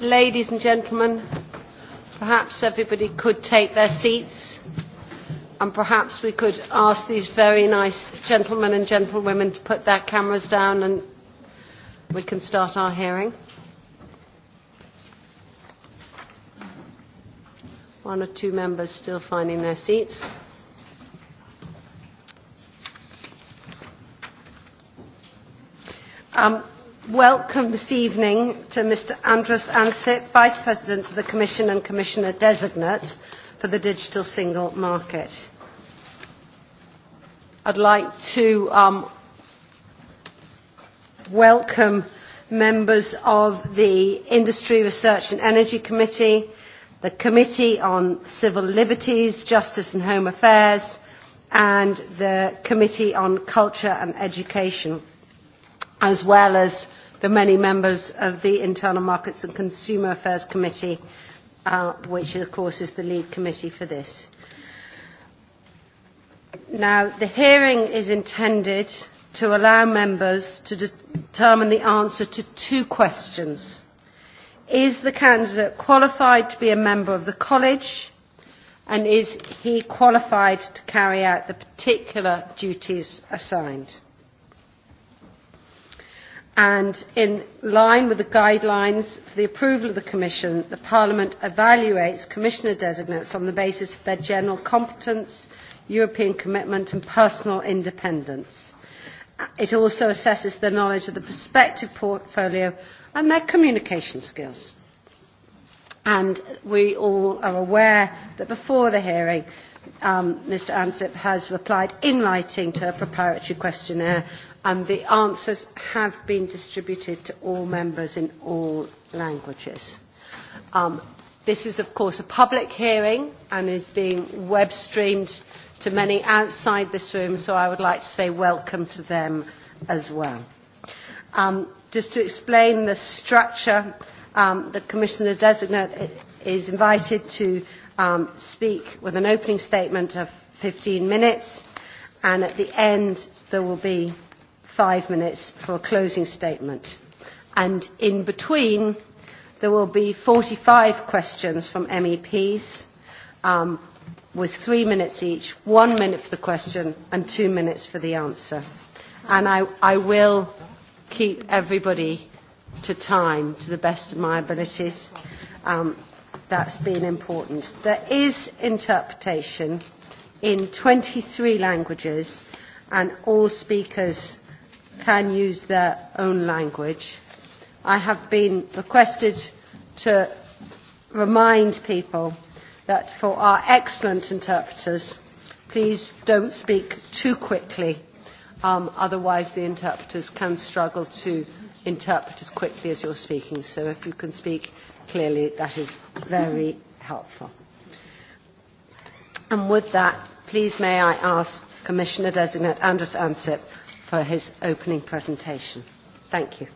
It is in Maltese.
ladies and gentlemen, perhaps everybody could take their seats and perhaps we could ask these very nice gentlemen and gentlewomen to put their cameras down and we can start our hearing. One or two members still finding their seats. Um, welcome this evening to Mr Andrus Ansip, Vice President of the Commission and Commissioner Designate for the Digital Single Market. I'd like to um, welcome members of the Industry Research and Energy Committee, the Committee on Civil Liberties, Justice and Home Affairs, and the Committee on Culture and Education, as well as the many members of the Internal Markets and Consumer Affairs Committee, uh, which of course is the lead committee for this. Now, the hearing is intended to allow members to de determine the answer to two questions. Is the candidate qualified to be a member of the college? And is he qualified to carry out the particular duties assigned? and in line with the guidelines for the approval of the Commission, the Parliament evaluates Commissioner designates on the basis of their general competence, European commitment and personal independence. Uh, it also assesses their knowledge of the prospective portfolio and their communication skills. And we all are aware that before the hearing, um, Mr Ansip has replied in writing to a preparatory questionnaire and the answers have been distributed to all members in all languages. Um, this is of course a public hearing and is being web streamed to many outside this room so I would like to say welcome to them as well. Um, just to explain the structure, um, the Commissioner Designate is invited to um, speak with an opening statement of 15 minutes, and at the end there will be five minutes for a closing statement. And in between, there will be 45 questions from MEPs, um, with three minutes each, one minute for the question and two minutes for the answer. And I, I will keep everybody to time to the best of my abilities. Um, that's been important. There is interpretation in 23 languages and all speakers can use their own language. I have been requested to remind people that for our excellent interpreters, please don't speak too quickly, um, otherwise the interpreters can struggle to interpret as quickly as you're speaking, so if you can speak clearly, that is very helpful. And with that, please may I ask Commissioner Designate Andrus Ansip for his opening presentation. Thank you.